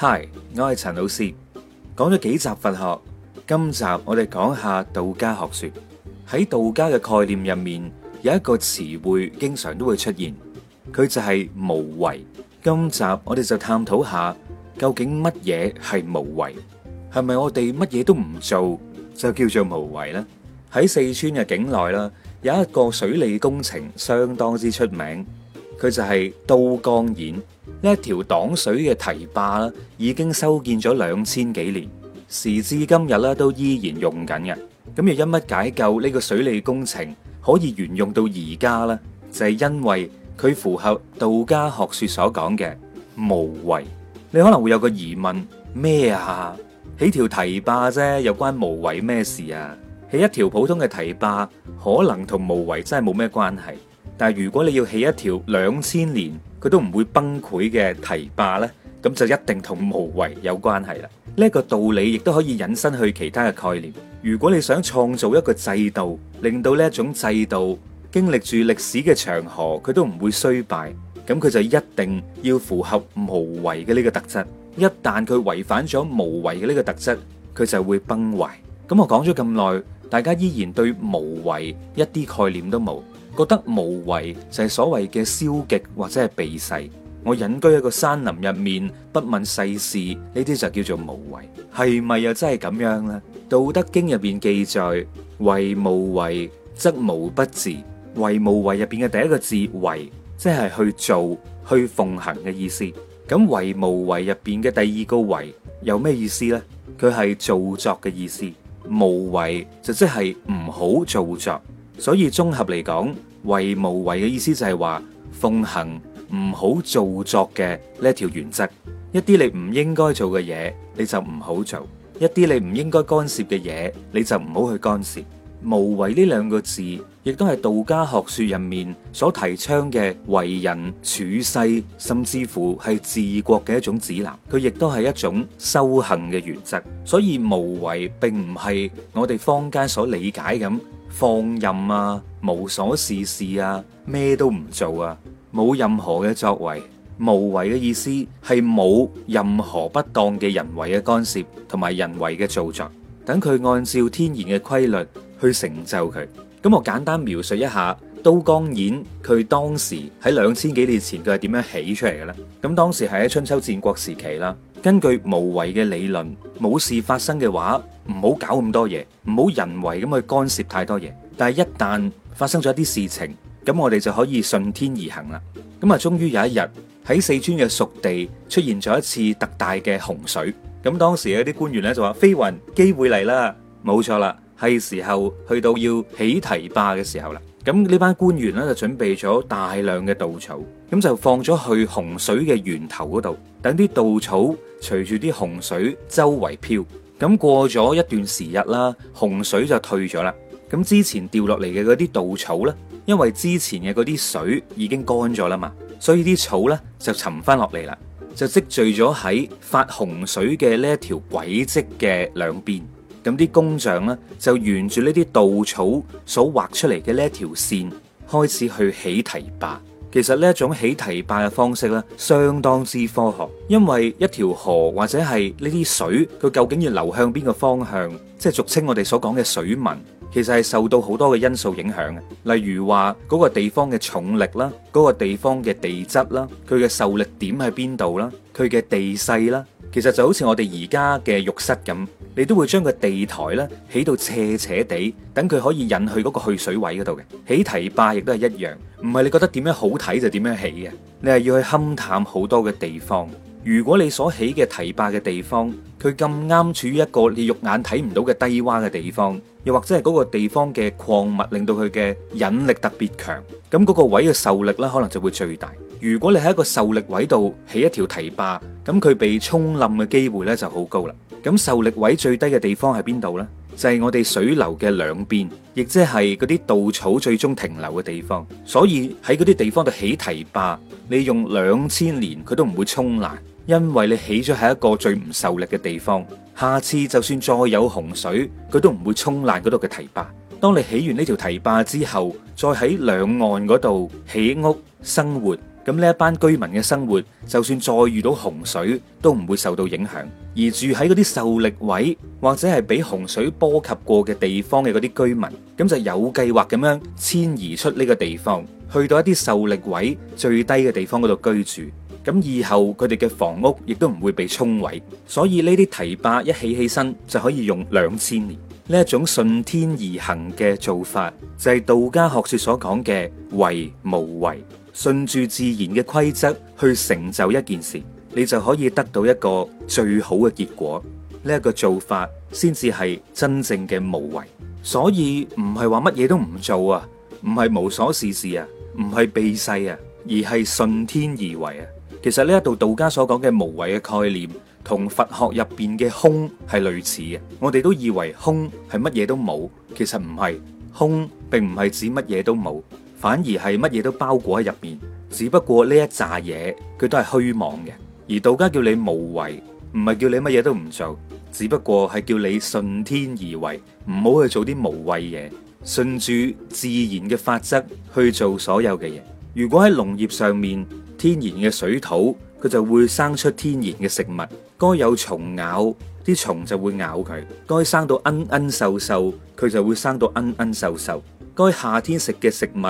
嗨，Hi，我係陳老師，講咗幾集佛學，今集我哋講下道家學說。喺道家嘅概念入面，有一個詞彙經常都會出現，佢就係無為。今集我哋就探討下，究竟乜嘢係無為？係咪我哋乜嘢都唔做就叫做無為呢？喺四川嘅境內啦，有一個水利工程相當之出名。佢就係都江堰呢一條擋水嘅堤壩啦，已經修建咗兩千幾年，時至今日咧都依然用緊嘅。咁又因乜解救呢個水利工程可以沿用到而家呢？就係因為佢符合道家學說所講嘅無為。你可能會有個疑問：咩啊？起條堤壩啫，又關無為咩事啊？起一條普通嘅堤壩，可能同無為真係冇咩關係。但係如果你要起一條兩千年佢都唔會崩潰嘅堤壩呢，咁就一定同無為有關係啦。呢個道理亦都可以引申去其他嘅概念。如果你想創造一個制度，令到呢一種制度經歷住歷史嘅長河，佢都唔會衰敗，咁佢就一定要符合無為嘅呢個特質。一旦佢違反咗無為嘅呢個特質，佢就會崩壞。咁我講咗咁耐，大家依然對無為一啲概念都冇。覺得無為就係所謂嘅消極，或者係避世，我隱居喺個山林入面，不問世事，呢啲就叫做無為，係咪又真係咁樣呢？《道德經》入邊記載，為無為則無不治。為無為入邊嘅第一個字為，即係去做去奉行嘅意思。咁為無為入邊嘅第二個為有咩意思呢？佢係造作嘅意思。無為就即係唔好造作，所以綜合嚟講。為無為嘅意思就係話奉行唔好做作嘅呢一條原則，一啲你唔應該做嘅嘢你就唔好做，一啲你唔應該干涉嘅嘢你就唔好去干涉。無為呢兩個字，亦都係道家學說入面所提倡嘅為人處世，甚至乎係治國嘅一種指南。佢亦都係一種修行嘅原則。所以無為並唔係我哋坊間所理解咁。放任啊，無所事事啊，咩都唔做啊，冇任何嘅作為，無為嘅意思係冇任何不當嘅人為嘅干涉同埋人為嘅造作，等佢按照天然嘅規律去成就佢。咁我簡單描述一下都江堰佢當時喺兩千幾年前佢係點樣起出嚟嘅咧？咁當時係喺春秋戰國時期啦。根據無為嘅理論，冇事發生嘅話，唔好搞咁多嘢，唔好人為咁去干涉太多嘢。但係一旦發生咗一啲事情，咁我哋就可以順天而行啦。咁啊，終於有一日喺四川嘅蜀地出現咗一次特大嘅洪水。咁當時有啲官員咧就話：飛雲機會嚟啦，冇錯啦，係時候去到要起堤壩嘅時候啦。咁呢班官員咧就準備咗大量嘅稻草，咁就放咗去洪水嘅源頭嗰度，等啲稻草隨住啲洪水周圍漂。咁過咗一段時日啦，洪水就退咗啦。咁之前掉落嚟嘅嗰啲稻草呢，因為之前嘅嗰啲水已經乾咗啦嘛，所以啲草呢，就沉翻落嚟啦，就積聚咗喺發洪水嘅呢一條軌跡嘅兩邊。咁啲工匠咧就沿住呢啲稻草所畫出嚟嘅呢一條線開始去起堤壩。其實呢一種起堤壩嘅方式咧，相當之科學，因為一條河或者係呢啲水，佢究竟要流向邊個方向，即係俗稱我哋所講嘅水文，其實係受到好多嘅因素影響嘅，例如話嗰個地方嘅重力啦，嗰個地方嘅地質啦，佢嘅受力點喺邊度啦，佢嘅地勢啦。其實就好似我哋而家嘅浴室咁，你都會將個地台呢起到斜斜地，等佢可以引去嗰個去水位嗰度嘅。起堤壩亦都係一樣，唔係你覺得點樣好睇就點樣起嘅，你係要去勘探好多嘅地方。如果你所起嘅堤壩嘅地方，佢咁啱處於一個你肉眼睇唔到嘅低窪嘅地方，又或者係嗰個地方嘅礦物令到佢嘅引力特別強，咁嗰個位嘅受力咧可能就會最大。如果你喺一個受力位度起一條堤壩，咁佢被沖冧嘅機會咧就好高啦。咁受力位最低嘅地方係邊度咧？就係我哋水流嘅兩邊，亦即係嗰啲稻草最終停留嘅地方。所以喺嗰啲地方度起堤壩，你用兩千年佢都唔會沖爛。因為你起咗喺一個最唔受力嘅地方，下次就算再有洪水，佢都唔會沖爛嗰度嘅堤壩。當你起完呢條堤壩之後，再喺兩岸嗰度起屋生活，咁呢一班居民嘅生活，就算再遇到洪水，都唔會受到影響。而住喺嗰啲受力位或者係俾洪水波及過嘅地方嘅嗰啲居民，咁就有計劃咁樣遷移出呢個地方，去到一啲受力位最低嘅地方嗰度居住。咁以後佢哋嘅房屋亦都唔會被沖毀，所以呢啲堤壩一起起身就可以用兩千年。呢一種順天而行嘅做法，就係道家學說所講嘅為無為，順住自然嘅規則去成就一件事，你就可以得到一個最好嘅結果。呢一個做法先至係真正嘅無為。所以唔係話乜嘢都唔做啊，唔係無所事事啊，唔係避世啊，而係順天而為啊。其實呢一度道家所講嘅無為嘅概念，同佛學入邊嘅空係類似嘅。我哋都以為空係乜嘢都冇，其實唔係，空並唔係指乜嘢都冇，反而係乜嘢都包裹喺入邊。只不過呢一紮嘢，佢都係虛妄嘅。而道家叫你無為，唔係叫你乜嘢都唔做，只不過係叫你順天而為，唔好去做啲無謂嘢，順住自然嘅法則去做所有嘅嘢。如果喺農業上面，天然嘅水土，佢就會生出天然嘅食物。該有蟲咬，啲蟲就會咬佢。該生到恩恩瘦瘦，佢就會生到恩恩瘦瘦。該夏天食嘅食物，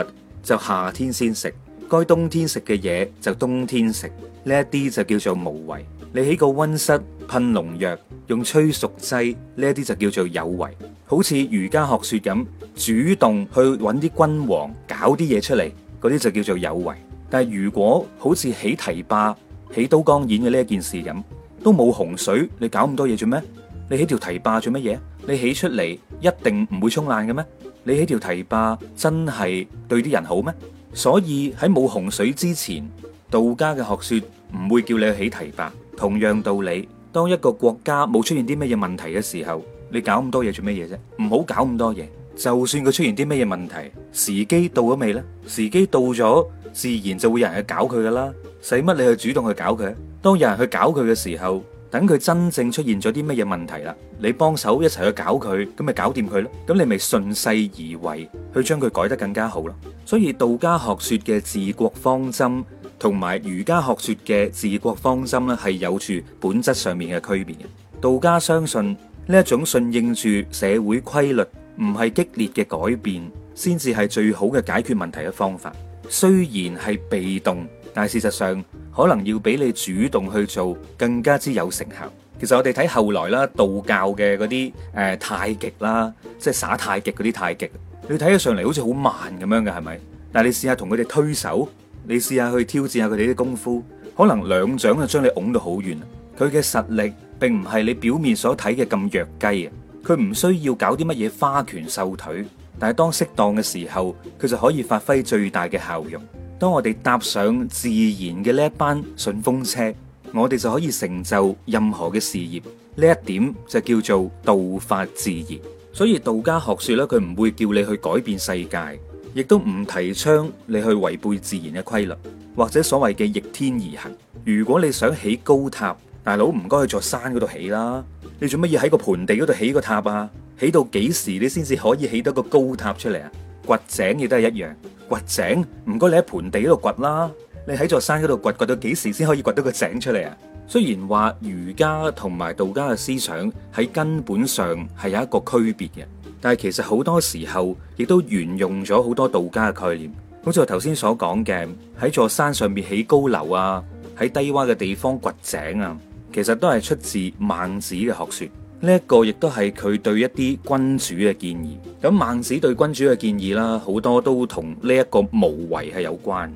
就夏天先食；該冬天食嘅嘢，就冬天食。呢一啲就叫做無為。你喺個溫室噴農藥，用催熟劑，呢啲就叫做有為。好似儒家學說咁，主動去揾啲君王搞啲嘢出嚟，嗰啲就叫做有為。但係，如果好似起堤壩、起都江堰嘅呢一件事咁，都冇洪水，你搞咁多嘢做咩？你起條堤壩做乜嘢？你起出嚟一定唔會沖爛嘅咩？你起條堤壩真係對啲人好咩？所以喺冇洪水之前，道家嘅學說唔會叫你去起堤壩。同樣道理，當一個國家冇出現啲乜嘢問題嘅時候，你搞咁多嘢做乜嘢啫？唔好搞咁多嘢。就算佢出現啲咩嘢問題，時機到咗未呢？時機到咗。自然就會有人去搞佢噶啦，使乜你去主動去搞佢？當有人去搞佢嘅時候，等佢真正出現咗啲乜嘢問題啦，你幫手一齊去搞佢，咁咪搞掂佢咯。咁你咪順勢而為去將佢改得更加好咯。所以道家學說嘅治國方針同埋儒家學說嘅治國方針咧，係有住本質上面嘅區別嘅。道家相信呢一種順應住社會規律，唔係激烈嘅改變，先至係最好嘅解決問題嘅方法。雖然係被動，但係事實上可能要比你主動去做更加之有成效。其實我哋睇後來啦，道教嘅嗰啲誒太極啦，即係耍太極嗰啲太極，你睇起上嚟好似好慢咁樣嘅係咪？但係你試下同佢哋推手，你試下去挑戰下佢哋啲功夫，可能兩掌就將你拱到好遠。佢嘅實力並唔係你表面所睇嘅咁弱雞啊，佢唔需要搞啲乜嘢花拳繡腿。但係當適當嘅時候，佢就可以發揮最大嘅效用。當我哋搭上自然嘅呢一班順風車，我哋就可以成就任何嘅事業。呢一點就叫做道法自然。所以道家學說咧，佢唔會叫你去改變世界，亦都唔提倡你去違背自然嘅規律，或者所謂嘅逆天而行。如果你想起高塔，大佬唔該去座山嗰度起啦。你做乜要喺個盆地嗰度起個塔啊？起到幾時你先至可以起到個高塔出嚟啊？掘井亦都係一樣，掘井唔該你喺盆地嗰度掘啦，你喺座山嗰度掘，掘到幾時先可以掘到個井出嚟啊？雖然話儒家同埋道家嘅思想喺根本上係有一個區別嘅，但係其實好多時候亦都沿用咗好多道家嘅概念，好似我頭先所講嘅喺座山上面起高樓啊，喺低洼嘅地方掘井啊，其實都係出自孟子嘅學說。呢一個亦都係佢對一啲君主嘅建議。咁孟子對君主嘅建議啦，好多都同呢一個無為係有關。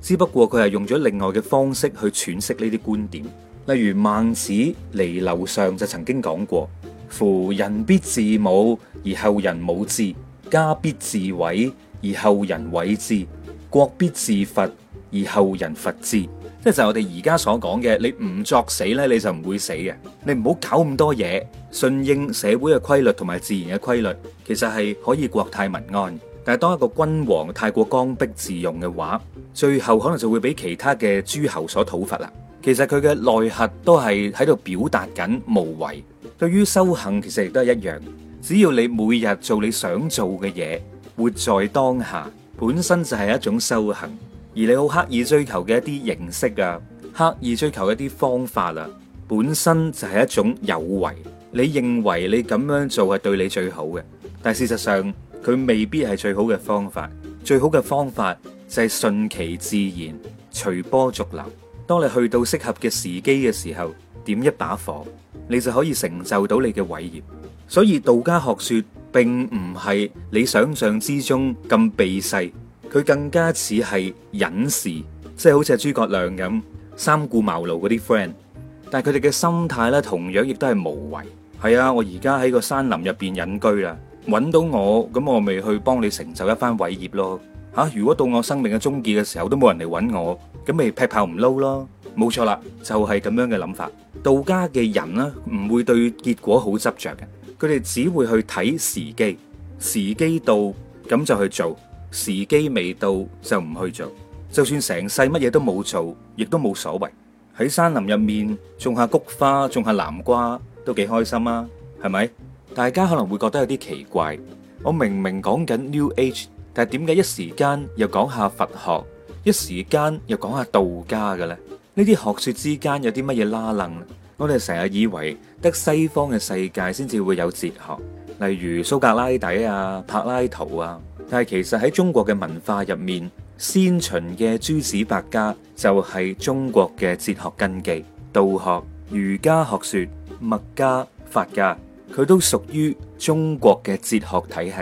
只不過佢係用咗另外嘅方式去詮釋呢啲觀點。例如孟子離婁上就曾經講過：夫人必自侮，而後人侮之；家必自毀，而後人毀之；國必自伐，而後人伐之。即係就係我哋而家所講嘅，你唔作死咧，你就唔會死嘅。你唔好搞咁多嘢，順應社會嘅規律同埋自然嘅規律，其實係可以國泰民安。但係當一個君王太過剛愎自用嘅話，最後可能就會俾其他嘅諸侯所討伐啦。其實佢嘅內核都係喺度表達緊無為。對於修行，其實亦都係一樣。只要你每日做你想做嘅嘢，活在當下，本身就係一種修行。而你好刻意追求嘅一啲形式啊，刻意追求一啲方法啊，本身就係一種有為。你認為你咁樣做係對你最好嘅，但事實上佢未必係最好嘅方法。最好嘅方法就係順其自然，隨波逐流。當你去到適合嘅時機嘅時候，點一把火，你就可以成就到你嘅偉業。所以道家學說並唔係你想象之中咁避世。佢更加似係隱士，即係好似係諸葛亮咁三顧茅廬嗰啲 friend，但係佢哋嘅心態咧，同樣亦都係無為。係啊，我而家喺個山林入邊隱居啦，揾到我咁我咪去幫你成就一番偉業咯。嚇，如果到我生命嘅終結嘅時候都冇人嚟揾我，咁咪劈炮唔撈咯。冇錯啦，就係咁樣嘅諗法。道家嘅人咧，唔會對結果好執著嘅，佢哋只會去睇時機，時機到咁就去做。時機未到就唔去做，就算成世乜嘢都冇做，亦都冇所謂。喺山林入面種下菊花，種下南瓜，都幾開心啊，係咪？大家可能會覺得有啲奇怪。我明明講緊 New Age，但係點解一時間又講下佛學，一時間又講下道家嘅咧？呢啲學說之間有啲乜嘢拉楞？我哋成日以為得西方嘅世界先至會有哲學，例如蘇格拉底啊、柏拉圖啊。但係其實喺中國嘅文化入面，先秦嘅諸子百家就係中國嘅哲學根基，道學、儒家學說、墨家、法家，佢都屬於中國嘅哲學體系，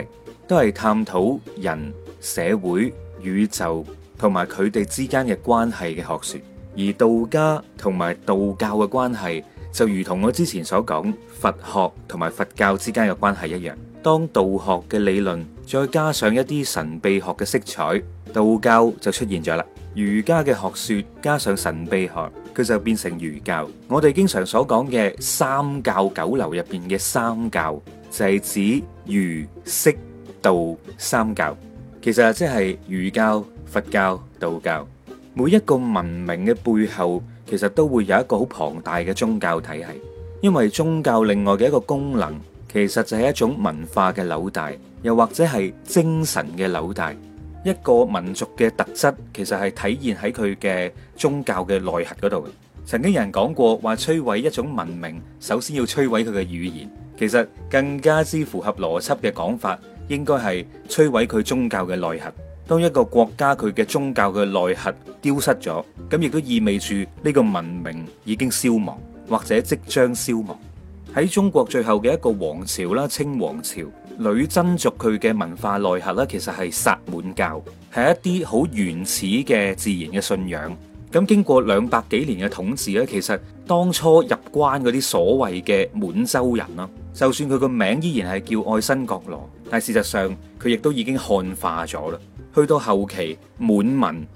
都係探討人、社會、宇宙同埋佢哋之間嘅關係嘅學說。而道家同埋道教嘅關係，就如同我之前所講，佛學同埋佛教之間嘅關係一樣。當道學嘅理論再加上一啲神秘學嘅色彩，道教就出現咗啦。儒家嘅學說加上神秘學，佢就變成儒教。我哋經常所講嘅三教九流入邊嘅三教，就係指儒釋道三教。其實即係儒教、佛教、道教。每一個文明嘅背後，其實都會有一個好龐大嘅宗教體系，因為宗教另外嘅一個功能。其實就係一種文化嘅紐帶，又或者係精神嘅紐帶。一個民族嘅特質，其實係體現喺佢嘅宗教嘅內核嗰度。曾經有人講過話，摧毀一種文明，首先要摧毀佢嘅語言。其實更加之符合邏輯嘅講法，應該係摧毀佢宗教嘅內核。當一個國家佢嘅宗教嘅內核丟失咗，咁亦都意味住呢個文明已經消亡，或者即將消亡。喺中國最後嘅一個王朝啦，清王朝女真族佢嘅文化內核咧，其實係薩滿教，係一啲好原始嘅自然嘅信仰。咁經過兩百幾年嘅統治咧，其實當初入關嗰啲所謂嘅滿洲人啦，就算佢個名依然係叫愛新覺羅，但係事實上佢亦都已經漢化咗啦。去到後期，滿文、滿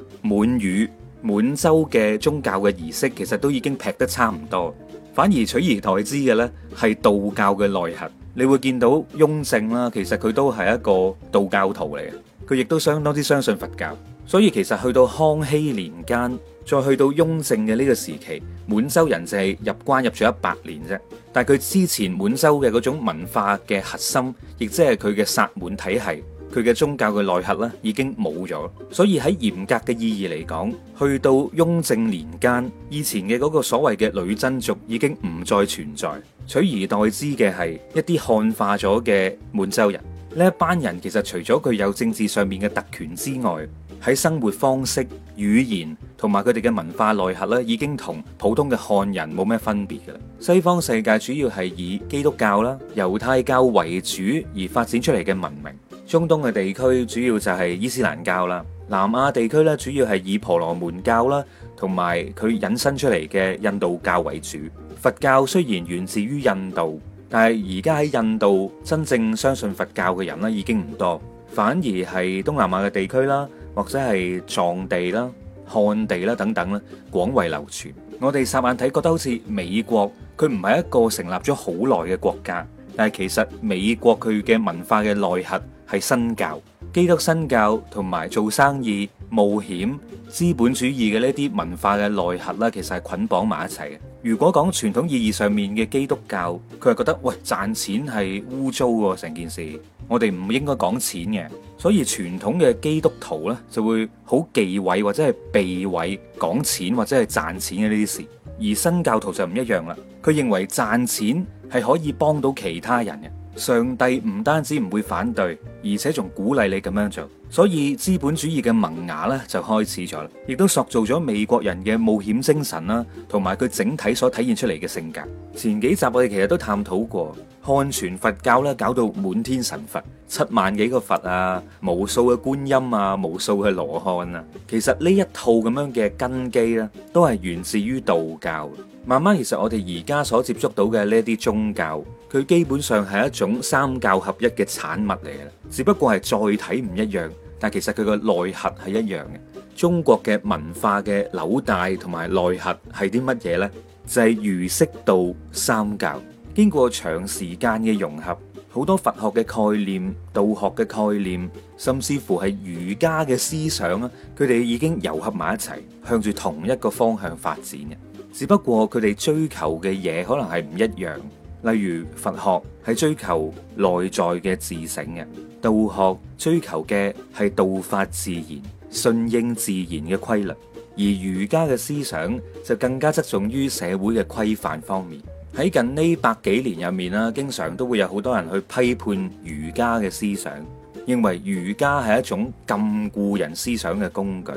語、滿洲嘅宗教嘅儀式，其實都已經劈得差唔多。反而取而代之嘅呢係道教嘅內核。你會見到雍正啦，其實佢都係一個道教徒嚟嘅，佢亦都相當之相信佛教。所以其實去到康熙年間，再去到雍正嘅呢個時期，滿洲人淨係入關入咗一百年啫。但係佢之前滿洲嘅嗰種文化嘅核心，亦即係佢嘅薩滿體系。佢嘅宗教嘅內核咧已經冇咗，所以喺嚴格嘅意義嚟講，去到雍正年間，以前嘅嗰個所謂嘅女真族已經唔再存在，取而代之嘅係一啲漢化咗嘅滿洲人。呢一班人其實除咗佢有政治上面嘅特權之外，喺生活方式、語言同埋佢哋嘅文化內核咧，已經同普通嘅漢人冇咩分別㗎喇。西方世界主要係以基督教啦、猶太教為主而發展出嚟嘅文明。中東嘅地區主要就係伊斯蘭教啦，南亞地區咧主要係以婆羅門教啦，同埋佢引申出嚟嘅印度教為主。佛教雖然源自於印度，但係而家喺印度真正相信佛教嘅人咧已經唔多，反而係東南亞嘅地區啦，或者係藏地啦、漢地啦等等咧，廣為流傳。我哋霎眼睇覺得好似美國，佢唔係一個成立咗好耐嘅國家。但係其實美國佢嘅文化嘅內核係新教、基督新教同埋做生意、冒險、資本主義嘅呢啲文化嘅內核啦，其實係捆綁埋一齊嘅。如果講傳統意義上面嘅基督教，佢係覺得喂，賺錢係污糟喎，成件事我哋唔應該講錢嘅。所以傳統嘅基督徒呢，就會好忌諱或者係避諱講錢或者係賺錢嘅呢啲事。而新教徒就唔一樣啦，佢認為賺錢係可以幫到其他人嘅，上帝唔單止唔會反對，而且仲鼓勵你咁樣做。所以資本主義嘅萌芽咧就開始咗啦，亦都塑造咗美國人嘅冒險精神啦、啊，同埋佢整體所體現出嚟嘅性格。前幾集我哋其實都探討過，漢傳佛教咧搞到滿天神佛，七萬幾個佛啊，無數嘅觀音啊，無數嘅羅漢啊。其實呢一套咁樣嘅根基咧，都係源自於道教。慢慢其實我哋而家所接觸到嘅呢一啲宗教，佢基本上係一種三教合一嘅產物嚟嘅，只不過係載體唔一樣。但其實佢個內核係一樣嘅，中國嘅文化嘅紐帶同埋內核係啲乜嘢呢？就係儒釋道三教經過長時間嘅融合，好多佛學嘅概念、道學嘅概念，甚至乎係儒家嘅思想啦，佢哋已經糅合埋一齊，向住同一個方向發展嘅。只不過佢哋追求嘅嘢可能係唔一樣。例如佛學係追求內在嘅自省嘅，道學追求嘅係道法自然，順應自然嘅規律。而儒家嘅思想就更加側重於社會嘅規範方面。喺近呢百幾年入面啦，經常都會有好多人去批判儒家嘅思想，認為儒家係一種禁錮人思想嘅工具。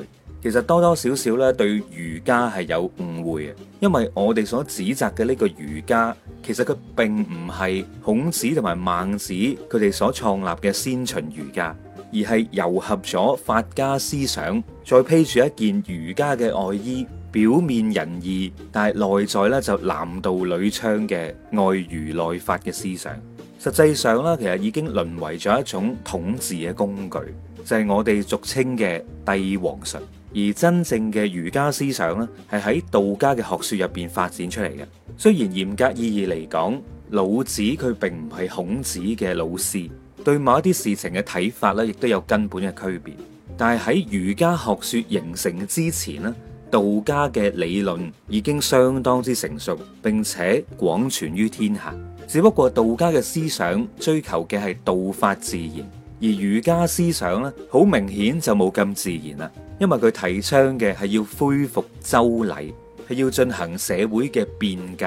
其實多多少少咧對儒家係有誤會嘅，因為我哋所指責嘅呢個儒家，其實佢並唔係孔子同埋孟子佢哋所創立嘅先秦儒家，而係糅合咗法家思想，再披住一件儒家嘅外衣，表面仁義，但係內在咧就男盜女娼嘅外儒內法嘅思想。實際上咧，其實已經淪為咗一種統治嘅工具，就係、是、我哋俗稱嘅帝王術。而真正嘅儒家思想咧，係喺道家嘅學說入邊發展出嚟嘅。雖然嚴格意義嚟講，老子佢並唔係孔子嘅老師，對某一啲事情嘅睇法咧，亦都有根本嘅區別。但係喺儒家學說形成之前呢，道家嘅理論已經相當之成熟，並且廣傳於天下。只不過道家嘅思想追求嘅係道法自然，而儒家思想咧，好明顯就冇咁自然啦。因為佢提倡嘅係要恢復周禮，係要進行社會嘅變革，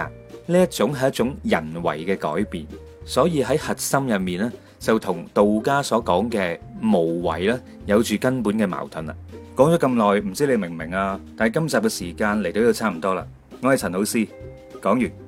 呢一種係一種人為嘅改變，所以喺核心入面呢，就同道家所講嘅無為咧有住根本嘅矛盾啦。講咗咁耐，唔知你明唔明啊？但係今集嘅時間嚟到呢度差唔多啦，我係陳老師，講完。